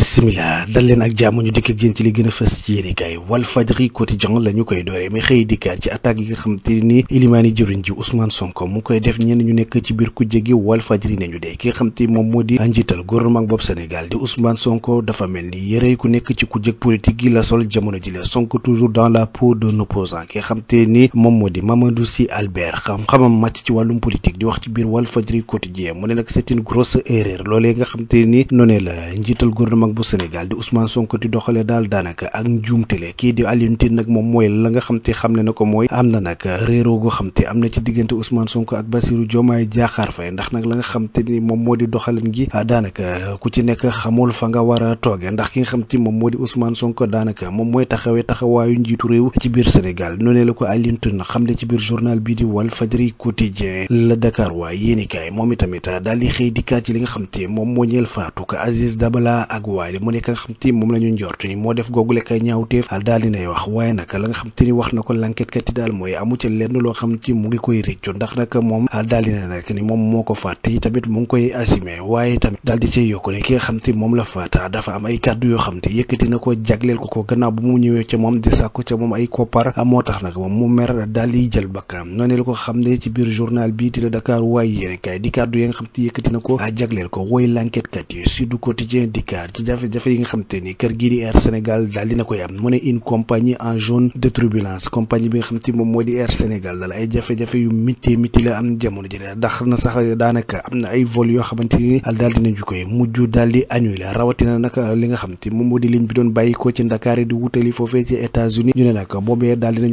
bisimila dal leen ak jàmm ñu dikk ak yéen ci li gën a ci yéenekaay Walfadjri quotidien la ñu koy dooree mais xëy dikkaat ci attaque yi nga xam te ni ilimaani jëriñ ji Ousmane Sonko mu koy def ñenn ñu nekk ci biir kujje gi Walfadjri ne ñu ki nga xam te moom moo di njiital gouvernement bopp Sénégal di Ousmane Sonko dafa mel ni yërey ku nekk ci kujje politique gi la sol jamono ji la Sonko toujours dans la peau d'un opposant ki nga xam te ni moom moo di Mamadou Sy Albert xam-xamam màcc ci wàllum politique di wax ci biir Walfadjri quotidien mu ne nag c'est une grosse erreur loolee nga xam te ni noonee la njiital gouvernement banque bu Sénégal di Ousmane Sonko di doxale daal daanaka ak njuumtele kii di Alioune nag moom mooy la nga xam te xam ne na ko mooy am na nag réeroo goo xam te am na ci diggante Ousmane Sonko ak Bassirou Diomaye Diakhar Faye ndax nag la nga xam te ni moom moo di doxalin gi ah, daanaka ku ci nekk xamul fa nga war a tooge ndax ki nga xam te moom moo di Ousmane Sonko daanaka moom mooy taxawee taxawaayu njiitu réew ci biir Sénégal noonee la ko Alioune Tine xam ne ci biir journal bii di Walf Fadjri quotidien la Dakar waa yéenikaay moom itamit daal di xëy dikkaat ci li nga xam te moom moo ñeel faatu waaye mu ne ka nga xam te ni moom la ñu njort ni moo def googule kay ñaawteef faata dafa am ay kàddu yoo xam te yëkkati na ko jagleel ko ko gannaaw bu mu ñëwee ca di sàkku ci biir journal di la jafe-jafe yi nga xam kër gii di Air Sénégal daal dina koy am mu ne une compagnie en zone de turbulence compagnie bi nga xam moom moo di Air Sénégal daal yoo xamante ni daal dinañu koy mujj daal di annulé rawatina nag ne nag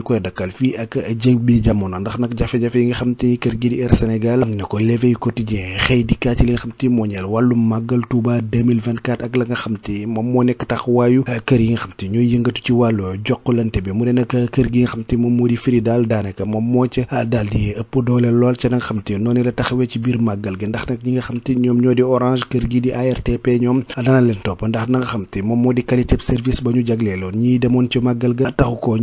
koy dakkal fii ak jéeg bi jamono ndax nag jafe-jafe yi nga xam kër gii di Air Sénégal am na ko l'éveil quotidien xëy dikkaat ci li nga xam te moo màggal Touba ak la nga xam te moom moo nekk taxawaayu euh, kër yi nga xam te ñooy yëngatu ci wàllu jokkalante bi mu ne nag euh, kër gi nga xam moom moo di firi daal moom moo euh, ba ñu jagleeloon ga taxu koo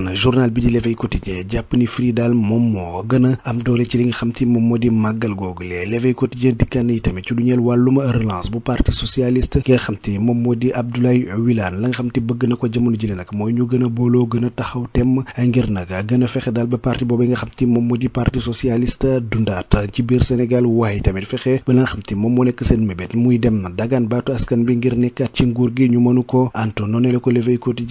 na journal bi di l'éveil quotidien jàpp ni firi daal moom gën a am doole ci li nga xam moom moo di màggal googu lee l'éveil quotidien dikkaan yi tamit ci lu ñeel wàllum relance bu parti socialiste nga xam te moom moo di Abdoulaye Wilane la nga xam te bëgg na ko jamono jëlee nag mooy ñu gën a booloo gën a taxaw temm ngir a ba parti boobu nga xam te moom moo di parti socialiste dundaat ci biir Sénégal waaye tamit fexe ba la nga xam te moom moo nekk seen mébét muy dem na dagaan baatu askan bi ngir nekkaat ci nguur gi ko anto noonu la ki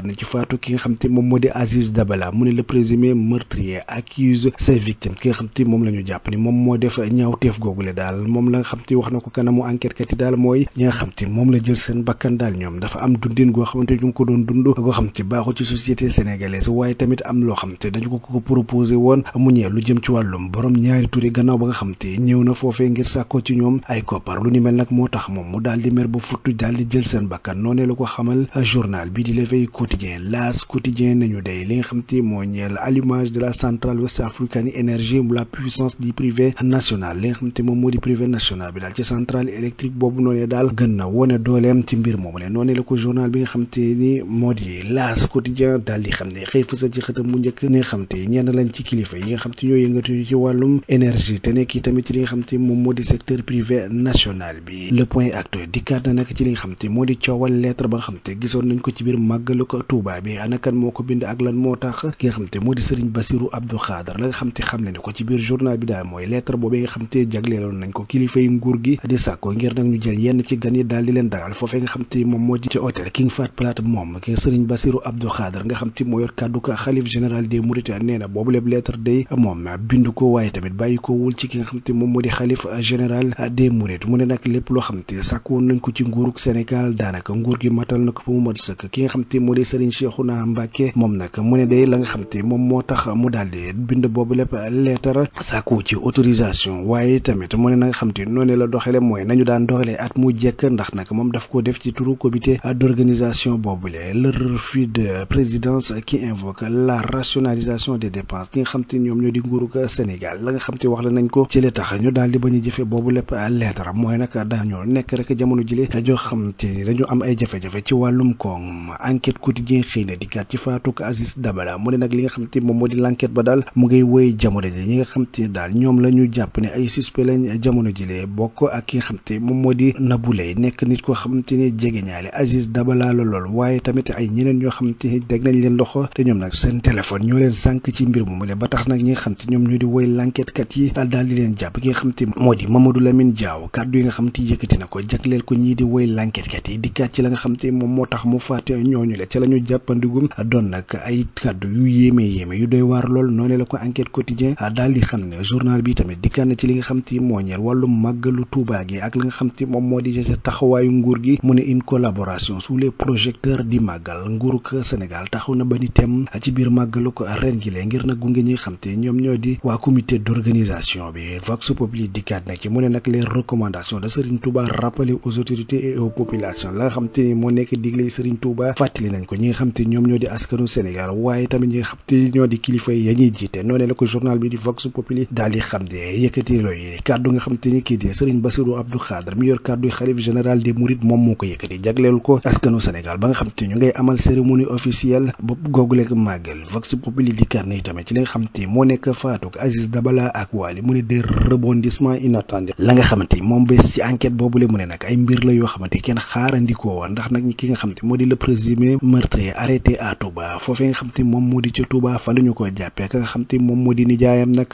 nga xam te moom moo di Aziz Dabala mu ne le présumé meurtrier ki nga moom la ñu jàpp moo def ñaawteef googule daal nga xam wax na ko kanamu enquête kat yi daal mooy ñi nga xam te moom la jël seen bakkan daal ñoom dafa am dundin goo xamante ñu ko doon dund goo xam te baaxul ci société sénégalaise waaye tamit am loo xam te dañu ko ko proposé woon mu lu jëm ci wàllum borom ñaari turi gannaaw ba nga xam te ñëw na foofee ngir sàkkoo ci ñoom ay koppar lu ni mel nag moo tax moom mu daal di mer ba futtu daal di jël seen bakkan noonee ko xamal journal bi di l'éveil quotidien las quotidien électrique boobu noonu daal gën na wone dooleem ci mbir moomu leen noonu la ko journal bi nga xam ni moo di laas mu njëkk ne xam te ñenn lañ ci kilifa yi nga xam te ñoo yëngatu ci wàllum énergie li nga xam moom moo di secteur privé national bi le point acteur dikkaat na li nga xam te moo di coowal lettre ba nga xam te gisoon nañ ko ci biir màggalu ko Touba bi ana moo ko bind ak lan moo tax ki nga xam te moo di Serigne Bassirou Abdou Khadre la nga xam xam ne ko ci biir journal bi daal mooy lettre boobee nga xam te nañ ko kilifa yi nguur gi di sa ko ngir nag ñu jël yenn ci gan yi daal di leen dalal foofee nga xam te moom moo di ci hôtel King Fahd Palace nga xam te moo yor kàddu ka na moom ko waaye tamit bàyyi ko wul ci ki nga xam te moom moo di xalif général des Mourides mu ne nag lépp loo xam te sàkko ko ci nguurug Sénégal daanaka nguur gi matal na ko mu mat sëkk ki nga xam te moo di Serigne Cheikhouna Mbacké moom nag mu ne day la nga xam moom moo tax mu daal di bind boobu lépp lettre sàkko ci autorisation waaye tamit mu ne na nga xam te noonu la doxale mooy nañu daan doxalee at mu jekk ndax nag moom daf ko def ci turu comité d'organisation boobule le refus de présidence qui invoque la rationalisation des dépenses ki nga xam te ñoom ñoo di nguurug Sénégal la nga xam te wax la nañ ko ci li tax ñu daal di bañ a jëfe boobu lépp lettre mooy nag dañoo nekk rek jamono jile joo xam te ni dañu am ay jafe-jafe ci wàllum koom enquête quotidien xëy na di kat ci faatuk Aziz Dabala mu ne nag li nga xam te moom moo di l'enquête ba daal mu ngay wéy jamono ñi nga xam te daal ñoom la ñu jàpp ne ay suspect lañ jamono jile bokk ak ki te moom moo di Nabou Leye nekk nit koo xamante ne jege ñaale Aziz Dabala la lool waaye tamit ay ñeneen ñoo xamante ni dégg nañ leen loxo te ñoom nag seen téléphone ñoo leen sànq ci mbir moomu ba tax nag ñi nga xam te ñoom ñoo di woy l'enquêtekat yi daal daal di leen jàpp ki nga xam te moo di yi nga xam te yëkkati na ko jagleel ko ñii di woy l'enquêtekat yi dikkaat ci la nga xam te moom moo tax mu fàtte ñooñu le ca la ñu jàppandigum doon nag ay kàddu yu yéeme yéeme yu doy waar lool noonu la ko enquête quotidien daal di xam ne journal bi tamit dikkaat na ci li xam te moo ñeel wàllu màggalu Tuubaa ak la nga xam te moom moo di taxawaayu nguur gi mu ne une collaboration sous les di màggal nguurug Sénégal taxaw na ba ni a ci biir màggalu ko ren gi lee ngir nag gunge ñi nga xam te ñoom la nga xam te moo nekk digle Serigne Touba fàttali nañ ko ñi nga xam te ñoom ñoo di askanu Sénégal waaye tamit ñi nga xam te ñoo di kilifa yi ya ñuy jiite noonee la ko journal bi di Vox Populi daal di xam ne yëkkati looy kàddu nga xam te ni kii di Abdou Khadre mi yor kàddu xalif général des Mourides moom moo ko yëkkati jagleel ko askanu Sénégal ba nga xam te ñu ngay amal cérémonie officielle bopp googuleeg màggal vox populi di karne tamit ci li nga xam te moo nekk Fatou Aziz Dabala moom bés ci enquête boobule mu ne nag ay mbir la yoo xamante kenn xaarandikoo woon ndax nag ki nga xam te di le présumé meurtrier arrêté à Touba foofee nga xam moom moo di ca Touba fa la ko jàppee ka nga xam moom moo di nijaayam nag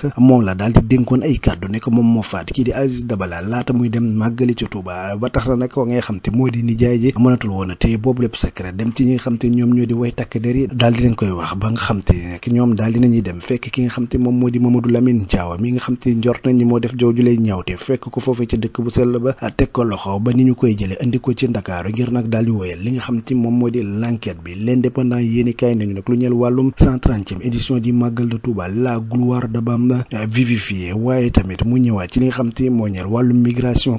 màggali ci Touba ba tax na nag wa ngay xam te moo di nijaay ji mënatul woon a téye boobu lépp secret dem ci ñi nga xam te ñoom ñoo di way takk der yi daal di leen koy wax ba nga xam te nag ñoom daal dinañuy dem fekk ki nga xam te moom moo di Mamadou Lamine Diaw mi nga xam te njort nañ moo def jooju lay ñawte fekk ko foofee ci dëkk bu sell ba teg ko loxo ba ni ñu koy jële andi ko ci Ndakaaru ngir nag daal di woyal li nga xam te moom moo di l'enquête bi l'indépendant yéeni kaay nañu nag lu ñeel wàllum cent trentième édition di màggal de Touba la gloire de Bamba vivifiée waaye tamit mu ñëwaat ci li nga xam te moo ñeel wàllum migration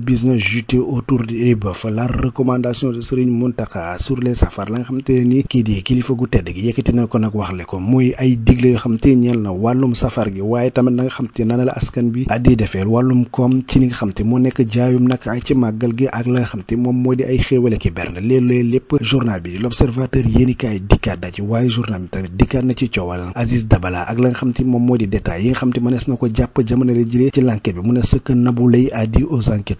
business juteux autour du IBEF la recommandation de sur les safar la nga xam ni kii di kilifa gu tedd gi yëkkati na ko nag wax le ko mooy ay digle yoo xam te na wàllum safar gi waaye tamit na nga xam te nana la askan bi di defeel wàllum koom ci li nga xam te moo nekk jaayum nag ay gi ak la nga xam te moom moo di ay xéewale ki berne léeg-léeg lépp journal bi l'observateur yéeni kaay dikkaat na waaye journal bi tamit dikkaat na ci coowal Aziz Dabala ak la nga xam moom moo di détail yi nga xam te mënees na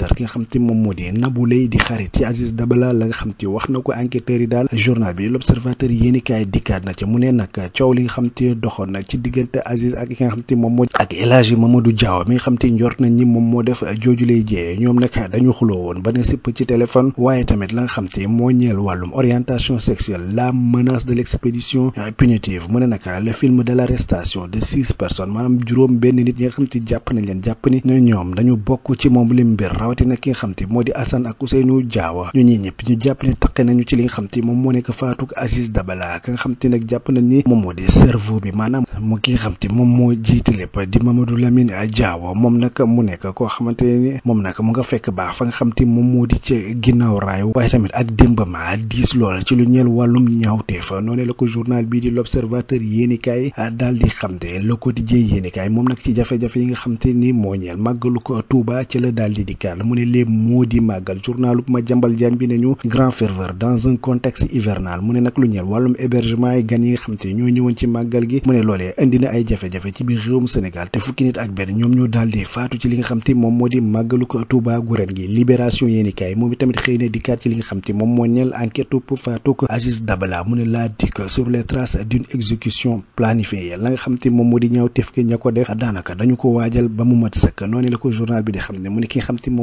lettre ki nga xam te moom moo di Nabou Leye di xarit ci Aziz Dabala la nga xam te wax na ko enquêteurs yi daal journal bi l'observateur yéeni kaay dikkaat na ci mu ne nag coow li nga xam te doxoon na ci diggante Aziz ak ki nga xam te moom moo ak El Hadji Mamadou Diaw mi nga xam te njort nañ ñi moom moo def jooju lay jiyee ñoom nag dañu xuloo woon ba ne sipp ci téléphone waaye tamit la nga xam te moo ñeel wàllum orientation sexuelle la menace de l'expédition punitive mu ne nag le film de l'arrestation de six personnes maanaam juróom benn nit ñi nga jàpp nañ leen jàpp ni ñoom dañu bokk ci moom li mbir rawatina ki nga xam te moo di Assane ak Ousseynou Diawa ñu ñii ñëpp ñu jàpp ne taqe li nga xam te moom moo nekk faatuk Aziz Dabala ka nga xam te jàpp nañ ni moom moo di cerveau bi maanaam mu ki nga xam te moom moo jiite lépp di Mamadou Lamine Diawa moom nag mu nekk ko xamante ni moom nag mu nga fekk baax fa nga xam te moom moo di ca ginnaaw raay waaye tamit ak démbama diis lool ci lu ñeel wàllum ñaawteef noonu la ko journal bii di l'observateur yéenikaay daal di xamte le quotidien yéenikaay moom nag ci jafe-jafe yi nga xamte ni moo ñeel lu ko Touba ci la daal di dikkaat moderne mu ne léeb moo di màggal journalub ma jambal jaan bi ne ñu grand ferveur dans un contexte hivernal mu ne nag lu ñeel wàllum hébergement yi gan yi nga xam te ñoo ñëwoon ci màggal gi mu ne loolee indi na ay jafe te fukki nit ak ñoom ñoo daal di faatu ci li nga xam te moom moo di màggalu ko Tuubaa gu ren gi libération yéeni kaay moom itamit xëy na di kaat ci li nga xam te moom moo ñeel enquête pour faatu ko Aziz Dabala mu ne laa dikk sur les traces d'une exécution planifiée la nga xam te moom moo di ñaaw tef ki ña ko def daanaka dañu ko waajal ba mu mat sëkk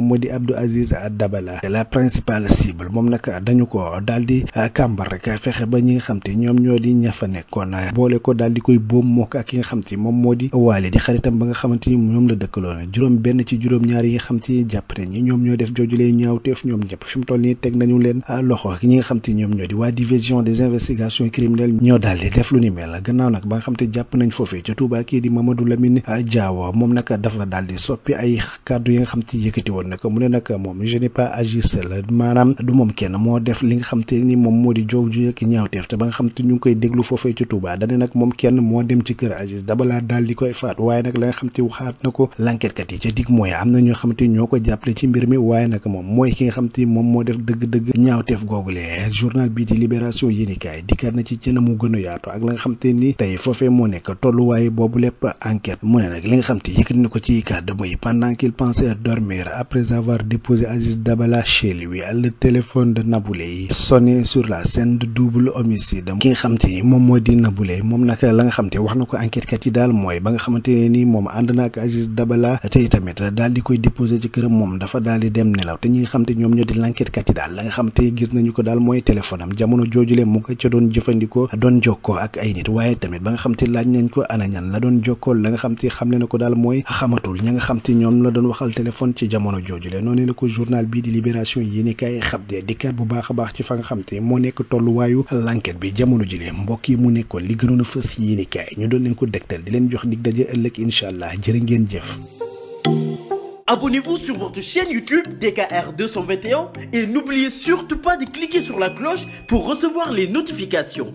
moo di Abdou Aziz Dabala la principale cible moom nag dañu ko daal di ah, kàmbar fexe ba ñi nga xam te ñoom ñoo di ña fa nekkoon boole ko daal di koy boom mook ak ki nga xam te moom moo di waale di xaritam ba nga xamante ni ñoom la dëkkaloon juróom benn ci juróom ñaar yi nga xam te jàpp nañ ñi ñoom ñoo def jooju lay ñaawteef ñoom ñëpp fi mu toll nii teg nañu leen ah, loxo ak ñi nga xam ñoom ñoo di waa division des investigations criminelles ñoo daal di def lu ni mel gannaaw nag ba nga xam te jàpp nañ foofee ca Touba kii di Mamadou Lamine Diawo moom nag dafa daal di soppi ay kàddu yi nga xam te yëkkati woon nag mu ne nag moom je pas agi seul maanaam du moom kenn moo def li nga xam te ni moom moo di joow ju ak ñaawteef te ba nga xam te ñu ngi koy déglu foofee ci Touba dane nag moom kenn moo dem ci kër Aziz Dabala daal di koy faat waaye la xam te waxaat na ko l'enquête kat yi ca dig mooy am na ñoo xam ko jàppale ci mbir mi waaye nag moom mooy ki nga xam te moom moo def dëgg-dëgg ñaawteef googule journal bii di libération yéenikaay dikkaat na ci cëna mu gën a yaatu ak la nga xam te ni tey foofee moo nekk tolluwaaye boobu lépp enquête mu ne nag li nga xam te yëkkati na ko ci kàddu muy pendant qu'il pensait après après avoir déposé Aziz Dabala chez lui le téléphone de la scène de double homicide ki nga xamante moom moo di Naboulaye moom nag wax na ko enquête yi daal mooy ba nga xamante ne ni moom ànd daal di koy déposé ci këram moom dafa daal di dem nelaw te ñi nga xamante ñoom ñoo di l'enquête kat yi daal la nga xamante gis nañu ko daal mooy téléphone am jamono joojule mu ko ca doon jëfandikoo doon jokkoo ak ay nit waaye tamit ba nga xamante laaj nañ ko anañan la doon jokkoo la nga xamante xamle na ko daal mooy xamatul ña nga xamante ñoom la doon waxal téléphone ci jamono jooju jooju le noonee la ko journal bii di libération yéene kaay xam te dikkaat bu baax a baax ci fa nga xam moo nekk tolluwaayu l'enquête bi jamono ji le mu nekkoon li gënoon a fës yéene kaay ñu doon leen ko dektal di leen jox dig daje ëllëg incha allah ngeen jëf Abonnez-vous sur votre chaîne YouTube DKR et n'oubliez surtout pas de cliquer sur la cloche pour recevoir les notifications.